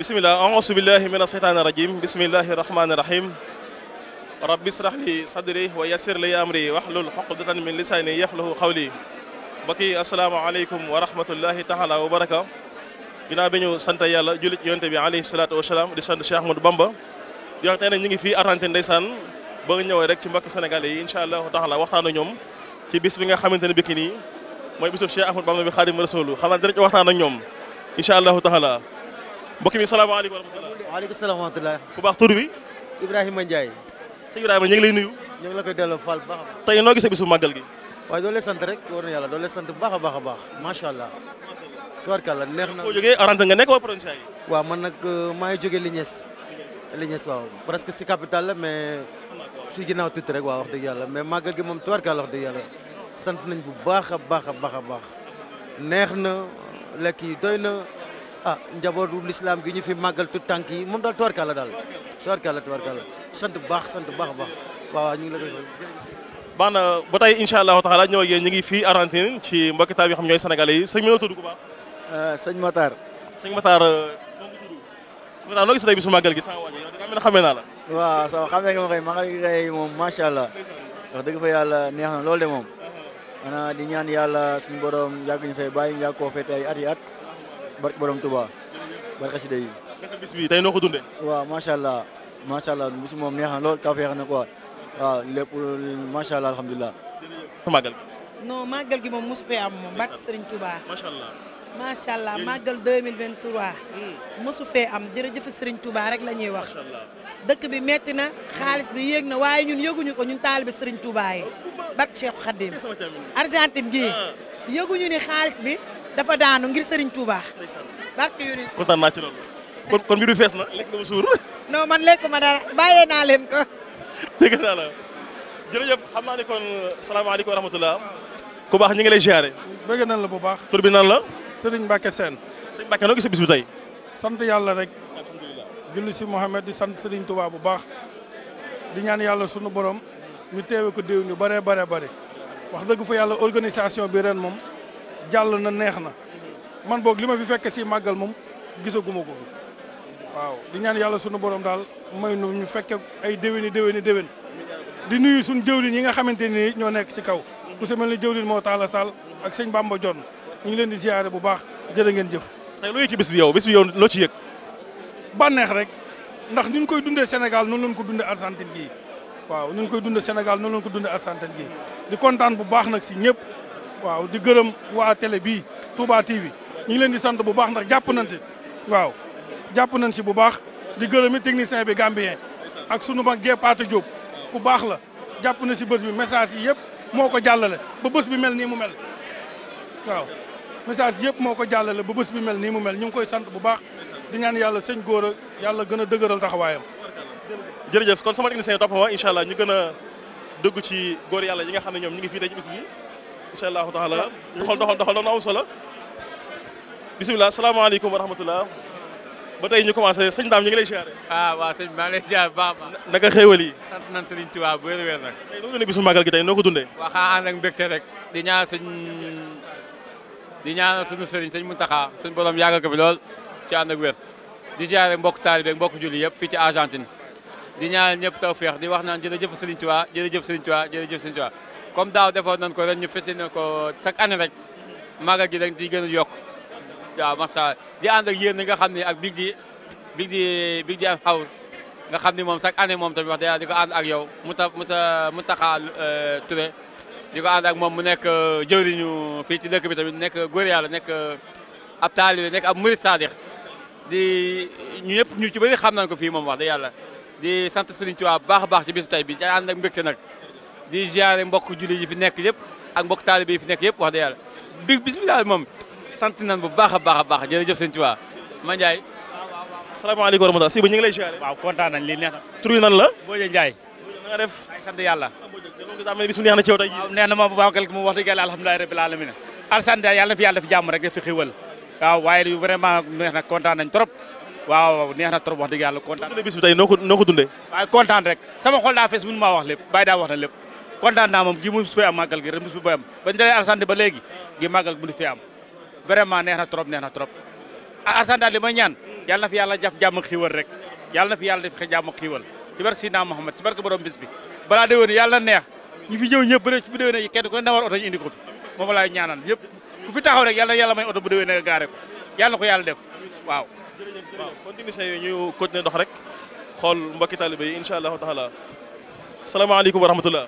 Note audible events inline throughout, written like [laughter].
bisimilah aousu billahi a asheytaani rajim bismillahi rahmaani rahim rabbi israh li sadri wa yassir li amri wahlul uqdatan min lisaani yaflahu xawli mbokk yi asalaamaaleykum wa rahmatullahi taala wa baraka ginnaaw bi ñu sant yàlla julli ci yonte bi alayhi salaatu wasalaam di sant Cheikh Ahmadou Bamba di wax tey nag ñu ngi fii Argentine ndeysaan ba nga ñëwee rek ci mbokk sénégalais yi incha allahu taala waxtaan ak ñoom ci bis bi nga xamante ne bikki nii mooy bisu Cheikh Ahmadou Bamba bi xaadim waxtaan ak ñoom incha allahu taala mbokk mi salaamaaleykum wa rahmatulah. waaleykum salaam wa rahmatulah. bu baax tur bi. Ibrahima Ndiaye. sëñ Ibrahima ñu ngi lay nuyu. ñu ngi la koy delloo Fall bu baax a baax. tey noo gisee bisu màggal gi. waaye doo leen sant rek war na yàlla doo leen sant bu baax a baax a baax macha allah. tubarkàlla neex na foo jógee arante nga nekk waa provincial yi. waaw man nag euh, maa ngi jógee Lignes. Lignes waaw presque si capitale la mais si ginnaaw tuuti rek waaw wax dëgg yàlla mais màggal gi moom tubarkàlla wax dëgg yàlla sant nañ bu baax a baax a baax a baax neex na lekk yi doy na ah njabootu lislaam gi ñu fi màggal tu tànk yi moom daal tubarkàlla daal tubarkàlla tubarkàlla sant bu baax sant bu baax a baax waaw ñu ngi la koy baax na ba tey incha allahu taala ñëw ak yéen ñu ngi fii Argentine ci mbokki taal yoo xam ñooy sénégalais yi sëñ bi noo tudd ku baax euh, sëñ Matar sëñ Matar euh, gis tey bi su màggal gi sa waaj yow dinaa mel ne fa yàlla neex na loolu moom ana di ñaan yàlla suñu borom yàgg ñu fay bàyyi yàgg koo at barki borom Touba barki xasida yi. bis tey noo ko waaw macha allah macha allah bis moom neex na lool tawfeex na quoi waaw lépp macha allah alhamdulilah. màggal non màggal gi moom mosu fee am moom barki Serigne Touba. macha allah macha allah màggal 2023. Hmm. mosu fee am jërëjëf Serigne tubaa rek la ñuy wax. dëkk bi metti na xaalis bi yéeg na waaye ñun yëguñu ko ñun taalibe Serigne Touba yi barki Cheikh Khadim Argentine gii ah. yëguñu ni xaalis bi. dafa daanu ngir Serigne Touba. barke yu ni kontaan naa ci kon kon mbiru fees na lekk nga ma suur. non man lekk ma dara bàyyee naa leen ko. dégg naa la jërëjëf xam naa ne kon salaamaaleykum wa rahmatulah. ku baax ñu ngi lay ziare. bëgg nan la bu baax. tur bi nan la. Serigne Mbacke Sène. Serigne Mbacke noo gis bis tey. sant yàlla rek. alhamdulilah si Mouhamed di sant Serigne Touba bu baax. di ñaan yàlla sunu borom. ñu teewe ko déw ñu bare bare bare. wax dëgg fa yàlla organisation bi moom. jàll na neex na man boog li ma fi fekk si màggal moom gisaguma ko fi waaw di ñaan yàlla sunu borom daal may nu ñu fekke ay déwéni déwéni déwén di nuyu suñu jëwlin yi nga xamante ni ñoo nekk ci kaw ku semel mel ni jëwlin moo taala Sall ak sëñ Bamba Jon ñu ngi leen di ziare bu baax jërë ngeen jëf. tey loo yëg ci bis bi yow bis bi yow loo ci yëg. bànneex rek ndax ni koy dundee Sénégal noonu lañ ko dundee Argentine gii waaw ni ñu koy dundee Sénégal noonu lañ ko dundee Argentine gii kontaan bu baax nag si ñëpp waaw di gërëm waa télé bii Touba TV ñu leen di sant bu baax ndax jàpp nañ si waaw jàpp nañ si bu baax di gërëmi technicien bi Gambien ak sunu mag Gépaate jóg ku baax la jàpp na si bés bi message yi yëpp moo ko jàllale ba bi mel ni mu mel waaw message yëpp moo ko jàllale ba bés bi mel ni mu mel ñu ngi koy sant bu baax di ñaan yàlla sëñ góor a yàlla gën a dëgëral taxawaayam. jërëjëf kon sama technicien topp ma incha allah ñu gën a dëgg ci góor yàlla yi nga xam ne ñoom ñu ngi fii tey ci incha allahu taala doxal doxal doxal doon am solo bisimilah salaamaaleykum wa ba tey ñu commencé sëñ Dame ñu ngi lay siyaare. ah waaw sëñ maa ngi lay siyaare baax baax. naka xéewal yi. sant nañ Sëriñ Tuubaa bu wér wér nag. tey noo dundee bisu màggal gi tey noo ko dundee. waaw xaa ànd ak mbégte rek di ñaan sëñ di ñaan suñu sëriñ sëñ Muntaxa suñu borom yàggal ko fi lool ci ànd ak wér di siyaare mbokk taalibe mbokk julli yëpp fii ci Argentine di ñaan ñëpp tawfeex di wax naan jërëjëf Sëriñ Tuubaa jërëjëf Sëriñ Tuubaa jërëjëf Sëriñ Tuubaa comme daaw defoon nañ ko ren ñu fësal na ko chaque année rek magal gi dañ di gën a yokk waaw macha allah di ànd ak yéen ñi nga xam ne ak big di big di big di am nga xam ni moom sak année moom tamit wax dëgg yàlla di ko ànd ak yow mu taxa mu euh, ta mu taxaa Touré di ko ànd ak moom mu nekk euh, jëwriñu fii ci dëkk bi tamit nekk góor yàlla nekk euh, ab taalibe nekk ab murid saadix di ñu ñëpp ñu ci bëri xam nañ ko moom wax dëgg yàlla di sant Serigne Touba bu baax a baax ci bisu tey bi di ànd ak mbégte nag. di ziare mbokk julli yi fi nekk yëpp ak mbokk taalibe yi fi nekk yëpp wax dëgg yàlla bi bisimilah moom sant nañ bu baax a baax a baax jërëjëf sëñ Tuubaa ma Ndiaye. salaamaaleykum wa rahmatulah si ba ñu ngi lay kontaan nañ lii na. nan la. Mbodj Ndiaye. na nga def ay sant yàlla. Ah, na ci yow tey jii. neex na ma bu baax quelque mu wax dëgg yàlla alhamdulilah rabbil al sant yàlla na fi yàlla def jàmm rek def fi waaye vraiment neex na kontaan nañ trop waaw neex trop wax dëgg yàlla kontaan. bis ko noo ko dundee. waaye kontaan rek sama xol na lépp kontaan naa moom gi mu fi am màggal gi rek mu fi boy am bañ dalee Arsanté ba léegi gi màggal gi mu neex na trop neex na trop a daal li may ñaan yàlla na fi yàlla jaf jàmm xiiwal rek yàlla na fi yàlla def jàmm xiiwal ci barke Sidna Muhammad ci barke borom bis bi balaa déwén yàlla neex ñu fi ñëw ñëp bëre bu déwénee kenn ku na war oto ñu indi ko fi moom laay ñaanal ñëpp ku fi taxaw rek yàlla yàlla may oto bu déwénee nga gaare ko yàlla ko yàlla def waaw waaw kon di misa yooyu ñu continuer dox rek xool mbokki talibé yi incha allahu taala salaamaaleykum wa rahmatullah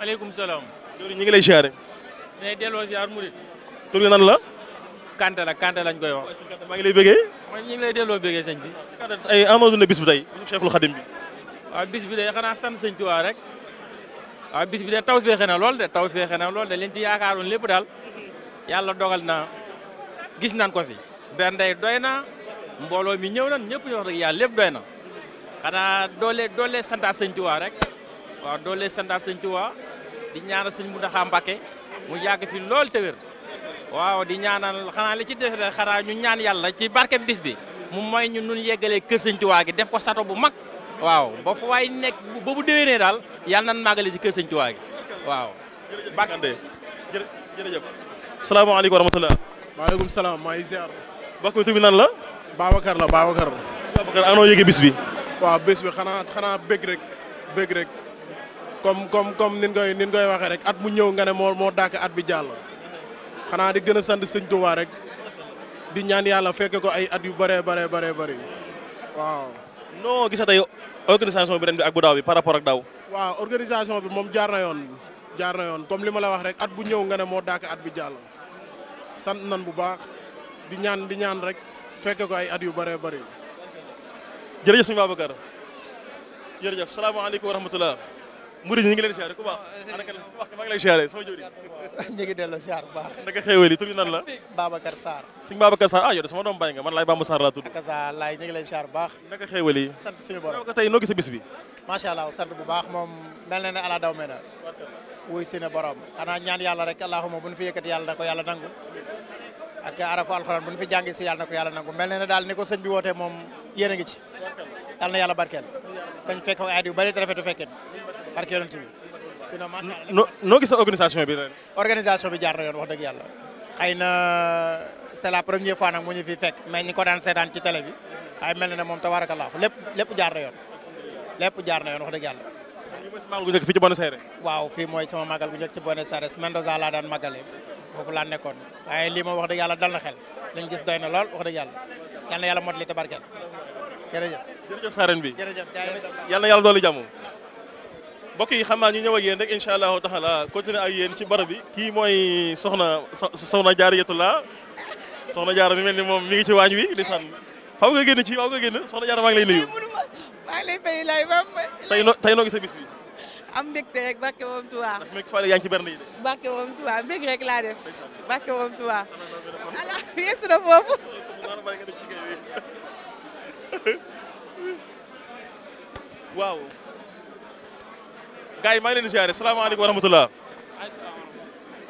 alaykum salaam. Diouré ñu ngi lay ziare. mais delloo ziar murit. tur bi nan la. kante la Kanté lañ koy wax. maa ngi lay bëggee. man ñu lay delloo bëggee sëñ bi. ay amoon na bis bi tey. Cheikhul Khadim bi. waaw bis bi de xanaa sant sëñ Tuubaa rek. waaw bis bi de taw féexe na lool de taw féexe na lool de leen ci yaakaaroon lépp daal yàlla dogal na gis nañ ko fi. benn day doy na mbooloo mi ñëw nan ñëpp ñu wax rek yàlla lépp doy na xanaa doole doole santaat sëñ Tuubaa rek. waaw doole santaat sëñ Tuubaa di ñaanal sëñ Muntaxa Mbàkke mu yàgg fi lool te wér waaw di ñaanal xanaa li ci des xanaa ñu ñaan yàlla ci barke bis bi mu may ñu nun yeggalee kër sëñ Tuubaa gi def ko sato bu mag waaw ba fu waay nekk ba bu déwénee daal yàlla nan màggale ci kër sëñ gi waaw bàkkante jërëjëf salaamaaleykum wa rahmatulah waaleykum salaam maa ngi ziar bokk mi tamit nan la Babacar la Babacar Babacar anoo yëge bis bi waaw bés bi xanaa xanaa bëgg rek bëgg comme comme comme nin koy nin koy waxee rek at mu ñëw nga ne moo moo dàkk at bi jàll xanaa di gën a sant sëñ Tuubaa rek di ñaan yàlla fekke ko ay at yu bëree bare bëree bëri waaw non gisa tey bi ren bi ak bu daaw bi par rapport ak daaw waaw organisation bi moom jaar na yoon jaar na yoon comme li ma la wax rek at bu ñëw nga ne moo dàkk at bi jàll sant nan bu baax di ñaan di ñaan rek fekke ko ay at yu bëree bëri jërëjëf sëñ Babacar jërëjëf salaamaaleykum wa rahmatullah murid ñi ngi leen siyaare ku baax ana kan wax baax naka xéewal tur bi nan la Babacar Sarr suñu Babacar Sarr ah yow de sama doom bàyyi nga man laay Bamba Sarr laa tudd ak sa laay ñu ngi lay siyaar baax naka xéewal yi sant borom bu baax moom mel na ne ala daw mena wuy si ne borom xanaa ñaan yàlla rek allahuma bu ñu fi yëkkati yàlla na ko yàlla nangu ak arafu bu ñu fi jàngi yàlla na ko yàlla nangu mel na ne daal ni ko sëñ bi woote moom yéen gi ngi ci yàlla na yàlla barkeel dañ fekk ay at yu bari te rafetu fekkee barke yonent bi sinon macha allah gis organisation bi ren. organisation bi jaar na yoon wax dëgg yàlla xëy na c'est la première fois nag mu ñu fi fekk mais ñi ko daan seetaan ci télé bi ay mel na ne moom tabarakallah lépp lépp jaar na yoon lépp jaar na yoon wax dëgg yàlla. waaw gu njëkk fii ci Buenos Aires. waaw fii mooy sama magal gu njëkk ci Buenos Aires Mendoza laa daan magale foofu laa nekkoon waaye lii moom wax dëgg yàlla dal na xel liñ gis doy na lool wax dëgg yàlla yàlla motali tabarkeel jërëjëf. jërëjëf mbokk yi xam naa ñu ñëw ak yéen rek incha allahu taala continuer ak yéen ci barab bi kii mooy soxna soxna jaar jaariyatullah soxna jaara mi mel ni moom mi ngi ci waañ wi di sànn fa nga ci faw génn soxna jaara maa ngi lay nuyu am mbégte rek ci berne yi laa def barke moom tuwa [laughs] waaw gars yi maa ngi leen di ziare salaamaaleykum wa rahmatulah.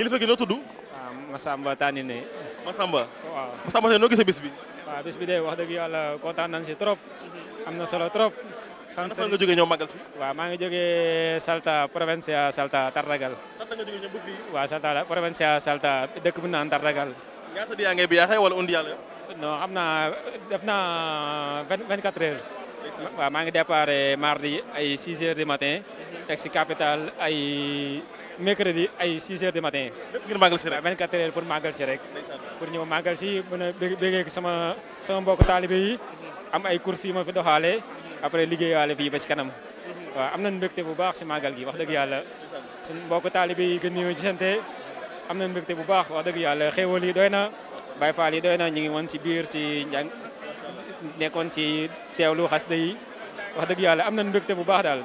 kilifa gi noo tudd. Ah, waaw Massamba Tanine. Massamba. waaw bi. bi de wax dëgg yàlla kontaan nañ trop. Mhm. am na solo trop. sant fan nga jógee si. waaw maa ngi jógee Salta province Salta Tartagal. Salta nga jógee Salta province Salta dëkk naan Tartagal. ñaata di yaa ngay bi yaa xëy wala undi yàlla. waaw maa ngi départ mardi ay 6 heures du matin. teg si capital ay mercredi ay 6 heures du matin. lépp ngir màggal si rek 24 heures pour màggal si rek. pour ñëw màggal si mën a bégee sama sama mbokk am ay courses ma fi doxaale après liggéeyaale fii ba si kanam. waaw am nañu mbégte bu baax si màggal gi wax dëgg yàlla. suñu mbokk taalibe yi gën ñëw gisante am na mbégte bu baax wax dëgg yàlla xéewal yi doy na Baay Faal doy na ñu ngi si biir si njàng nekkoon si teewlu xas yi wax dëgg yàlla am nañ mbekte bu baax daal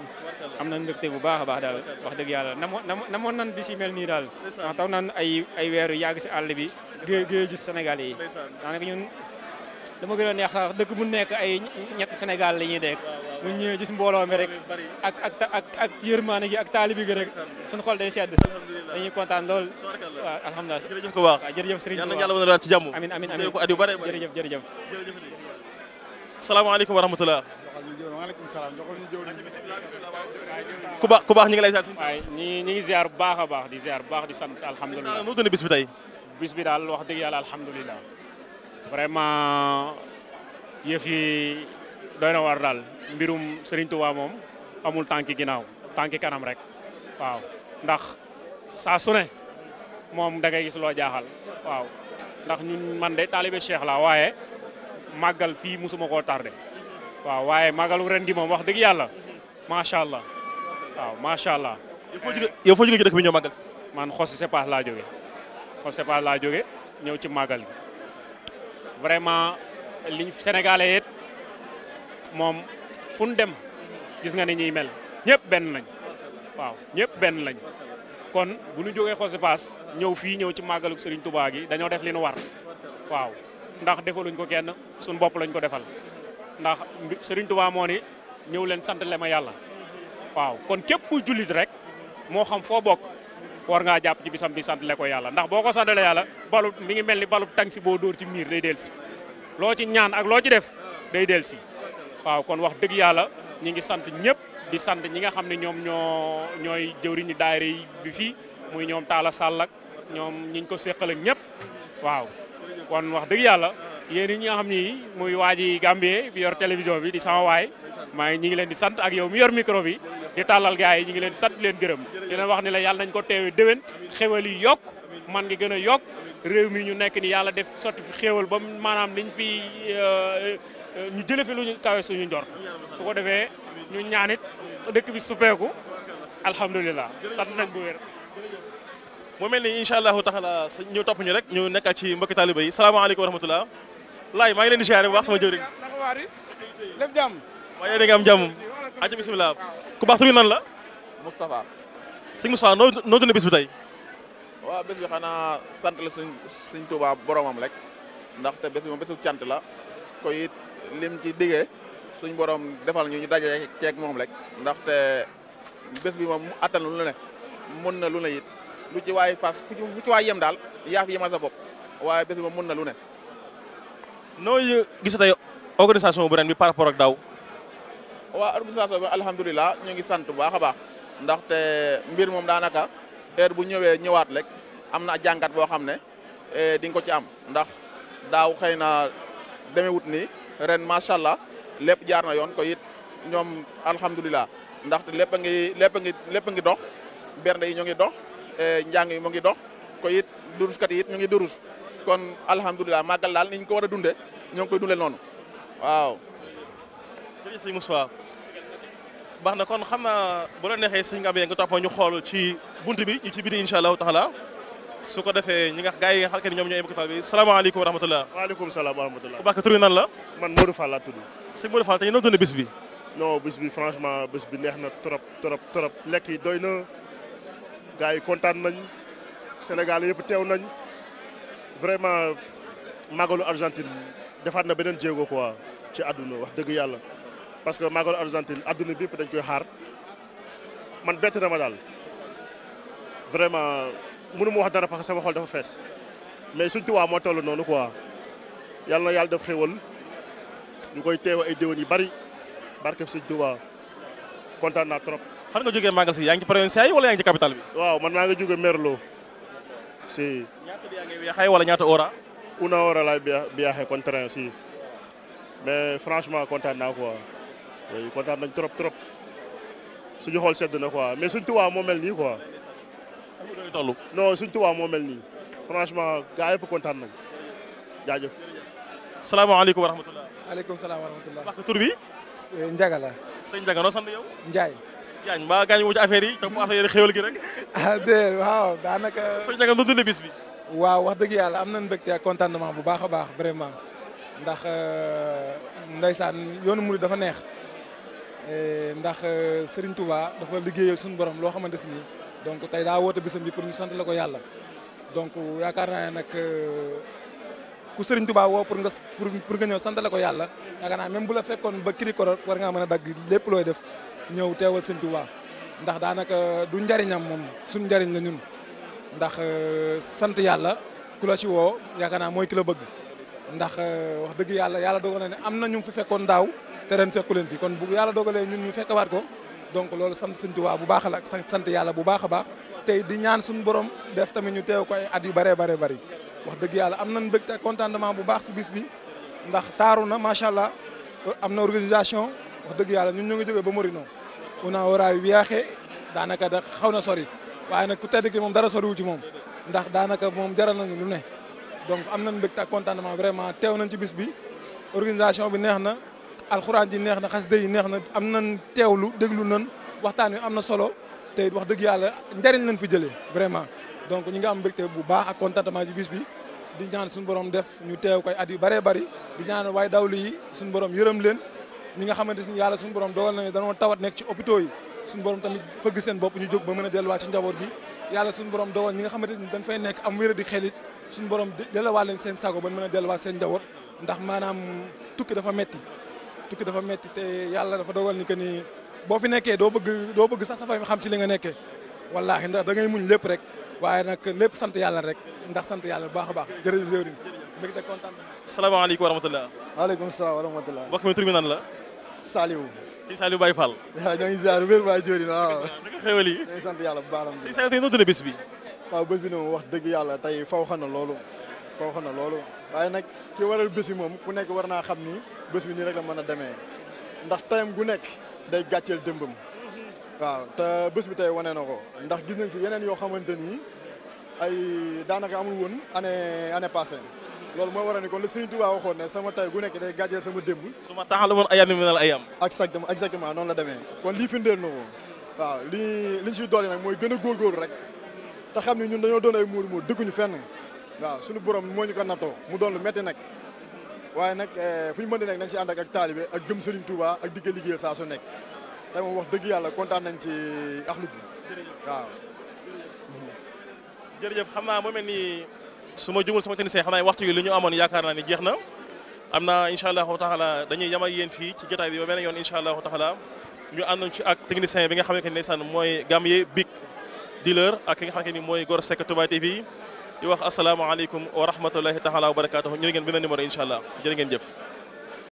am nañ mbégte bu baax baax daal wax dëgg na namoon namoon nan bi si mel nii daal ndax taw na ay ay weeru yàgg si àll bi gée gée gis Sénégal yi daanaka ñun dama gën a neex sax dëkk bu nekk ay ñetti Sénégal la ñuy dekk mu ñëwee gis mbooloo mi rek ak ak ak ak yërmaane gi ak taalibi gi rek suñu xol day sedd dañuy kontaan lool waaw alhamdulilah jërëjëf ko baax jërëjëf Serigne yàlla na yàlla mën a daal ci jàmm amiin amiin amiin jërëjëf salaamaaleykum wa rahmatulah. waaleykum ku baax ku baax ñu ngi lay waaye ñi ñi ngi ziar bu baax a baax di ziar bu baax di sant alhamdulilah. nu dund bis bi tey. bis bi daal wax dëgg yàlla alhamdulilah. vraiment yëf yi war daal mbirum Serigne moom amul tànki ginnaaw tànki kanam rek waaw ndax saa su ne moom dangay ngay gis loo jaaxal waaw ndax ñun man de taalibe Cheikh la waaye. màggal fii mosuma koo tardé waaw waaye màggalu ren gi moom wax dëgg yàlla macha allah waaw macha allah. yow foo jóge ci dëkk bi ñëw màggal si. man Xossi Sepas laa jóge Xossi Sepas ñëw ci màggal gi vraiment liñ Sénégalais it moom fu dem gis nga ni ñuy mel ñëpp benn lañ waaw ñëpp benn lañ kon bu ñu jógee Xossi ñëw fii ñëw ci màggalu Serigne Touba gi dañoo def li ñu war ndax defaluñ ko kenn suñ bopp lañ ko defal ndax Serigne Touba moo ni ñëw leen sant le ma yàlla waaw kon képp kuy jullit rek moo xam foo bokk war ngaa jàpp ci bisam bi sant le ko yàlla ndax boo ko santale yàlla balu mi ngi mel ni balu tang si boo dóor ci miir day del si loo ci ñaan ak loo ci def day del si waaw kon wax dëgg yàlla ñi ngi sant ñëpp di sant ñi nga xam ne ñoom ñoo ñooy jëwriñu daayira yi bi fii muy ñoom taala Sall ñoom ñiñ ko séqal ak waaw kon wax dëgg yàlla yéen ñi nga xam ni muy waa ji Gambie bi yor télévision bi di sama waay maa ngi ñu ngi leen di sant ak yow mi yor micro bi di tàllal gars yi ñu ngi leen di sant leen gërëm di leen wax ni la yàlla nañ ko teewe déwén xéwal yi yokk man ngi gën a yok réew mi ñu nekk ni yàlla def sotti fi xéewal ba maanaam liñ fi euh, ñu jële fi lu ñu kawe suñu njor su ko defee ñu ñaanit dëkk bi suppeeku alhamdulilah sant nañ bu wér mu mel ni incha allahu taala ñu topp ñu rek ñu nekk ci mbokki taaliba yi salaamaaleykum wa rahmatulah laay maa ngi leen di siyaare bu baax sama jëwriñ lépp jàmm waaye yéen a ngi am aja bisimilah ku baax tur bi nan la Moustapha sëñ Moustapha noo noo dund bis bi tey waaw bés bi xanaa la suñ suñ boromam rek ndaxte bés bi moom bésu cant la ko lim ci diggee suñ borom defal ñu daje ceeg moom rek ndaxte bés bi moom attan lu ne mën na lu ne it lu ci waay fas ku ci waay yem daal yaa fi yemal sa bopp waaye bés ba mën na lu ne. nooy gis tey organisation bu ren bi par rapport ak daaw. waaw organisation bi alhamdulilah ñu ngi sant bu baax a baax ndaxte mbir moom daanaka heure bu ñëwee ñëwaat rek am na jàngat boo xam ne e, di nga ko ci am ndax daaw xëy na demewut ni ren macha allah lépp jaar na yoon ko it ñoom alhamdulillah ndaxte lépp a ngi lépp ngi lépp a dox bernde yi ñoo ngi dox. Eh, njàng yi mu ngi dox ko it duruskat yi it ñu ngi durus kon alhamdulilah màggal daal ni ko war a dundee ñoo ngi koy dundee noonu waaw. jërëjëf sëñ Moussa baax na kon xam na bu la neexee sëñ Abé nga topp ñu xool ci bunt bi ñu ci biir incha allahu taala su ko defee ñi nga gars yi nga xam ne ñoom ñooy mbokk bi salaamaaleykum wa rahmatulah. waaleykum salaam wa rahmatulah. ku baax tur bi nan la. man Modou Fall laa tudd. sëñ Modou Fall tey noo dund bis bi. non bi franchement bis neex na trop trop trop gars yi kontaan nañ Sénégal yëpp teew nañ vraiment màggalu Argentine defaat na beneen jéego quoi ci àdduna wax dëgg yàlla parce que màggalu Argentine àdduna bi yëpp dañ koy xaar man bett na ma daal vraiment mënu ma wax dara parce que sama xol dafa fees mais suñ tuwaa moo toll noonu quoi yàlla na yàlla def xéwal ñu koy teew ay déwén yu bari barkeb suñ tuwaa kontaan naa trop fan nga jógee màggal si yaa ngi ci provincial yi wala yaa ci capital bi. waaw man maa ngi jógee Merlo. si. ñaata bi wala ñaata ora. una hora laay biyaxee contraint si. mais franchement kontaan naa quoi. nañ trop trop. suñu xool sedd na quoi mais suñ tubaab moo mel nii quoi. toll. non suñ tubaab moo mel nii. franchement gars yëpp kontaan nañ. jaajëf. salaamaaleykum wa rahmatulah. waaleykum salaam wa yaañ mbaa gaañ wu ci affaire yi topp affaire yi xéwal gi rek [laughs] ah waaw daanaka [laughs] sëñ naka nga dund bi waaw wax dëgg yàlla am nañ mbégte ak contentement bu baax a baax vraiment ndax euh, ndaysaan yoonu murid dafa neex ndax euh, Serigne Touba dafa liggéeyal suñu borom loo xamante si donc tey daa woote bisam bi pour ñu sant la ko yàlla donc yaakaar naa ne nag euh, ku Serigne Touba woo pour pour nga ko yàlla yaakaar naa même bu la fekkoon ba kirikoro war ngaa mën a dagg lépp looy def ñëw teewal sëñ Tuubaa ndax daanaka du njariñam moom suñu njariñ la ñun ndax euh, sant yàlla ku la ci woo yaakaar naa mooy kilo bëgg ndax euh, wax dëgg yàlla yàlla dogal na ne am na ñu fi fekkoon daaw te ren fekku leen fi kon bu yàlla dogalee ñun ñu fekkawaat ko donc loolu sant sëñ Tuubaa bu baax la ak sant yàlla bu baax a baax tey di ñaan suñu borom def tamit ñu teew ko ay at yu bëree bare bari wax dëgg yàlla am nañ mbégte contentement bu baax si bis bi ndax taaru na macha allah am na organisation dëgg yàlla ñun ñoo ngi jógee ba Morino una waraay wiyaaxee daanaka da xaw na sori waaye nag ku tedd ki moom dara wu ci moom ndax danaka moom jaral nañu lu ne donc am nañ mbégte ak contentement vraiment teew nañ ci bis bi organisation bi neex na alxuraan ji neex na xasida yi neex na am nañ teewlu déglu nañ waxtaan wi am na solo te wax dëgg yàlla njariñ lañ fi jëlee vraiment donc ñi nga am te bu baax ak contentement ci bis bi di ñaan suñu borom def ñu teew koy at yu bëree bëri di ñaan waaye suñu borom yërëm leen ñi nga xamante ni yàlla suñu borom dogal nañu danoo tawat nekk ci hôpitaux yi suñu borom tamit fëgg seen bopp ñu jóg ba mën a delluwaat ci njaboot gi yàlla suñu borom dogal ñi nga xamante ni dañ nekk am wér di xelit suñu borom delluwaat seen sago ba mën a delluwaat seen ndax maanaam tukki dafa metti tukki dafa metti te yàlla dafa dogal ni que ni boo fi nekkee doo bëgg doo bëgg sax safay xam ci li nga nekkee wallaahi ndax da ngay muñ lépp rek waaye nag lépp sant yàlla rek ndax sant yàlla bu baax a baax jërëjëf jëwriñ mbégte kontaan asalaamaaleykum wa rahmatullah waaleykum salaam wa rahmatullah mbokk mi tur la Saliou. sëñ Saliou Baye Fall. waaw [laughs] ñoo ngi ziar wér waa Diori waaw. naka xéwal yi ñoo ngi sant yàlla bu baax la. sëñ Saliou tey noo dundee bés bi. waaw bés bi moom wax dëgg yàlla tey faw xana loolu. faw xana loolu waaye nag ci waral bés bi moom ku nekk war naa xam ni bés bi nii rek la mën a demee ndax tayam gu nekk day gàcceel dëmbam. waaw te bés bi tey wane na ko ndax gis nañ fi yeneen yoo xamante ni ay daanaka amul woon année année passée. loolu mooy waral ni kon la Serigne Touba waxoon ne sama tay gu nekk day gàjjee sama démb su ma taxal woon ayam mi nal ayam exactement exactement noonu la demee kon lii firndeel na ko waaw lii liñ siy doole nag mooy gën a góorgóorlu rek te xam ne ñun dañoo doon ay muur muur dëgguñu fenn waaw suñu borom moo ñu ko nattoo mu doon lu metti nag waaye nag eh, fu ñu mën di nekk nañ si ànd ak ak taalibe ak gëm Serigne Touba ak digg liggéey saa su nekk tey moom wax dëgg yàlla kontaan nañ ci axlu bi waaw suma ma jumul sama technicien xam naa waxtu yi li ñu amoon yaakaar naa ni jeex na am naa incha allahu taala dañuy yem ak yéen fii ci jotaay bi ba beneen yoon incha allahu taala ñu àndoon ci ak technicien bi nga xamante ne saan mooy Gambie Big Dealer ak ki nga xamante ni mooy Gor Seck Touba TV di wax asalaamaaleykum wa rahmatulahi taala wa barakaatuhu ñu ngi leen beneen numéro incha allah jërë ngeen jëf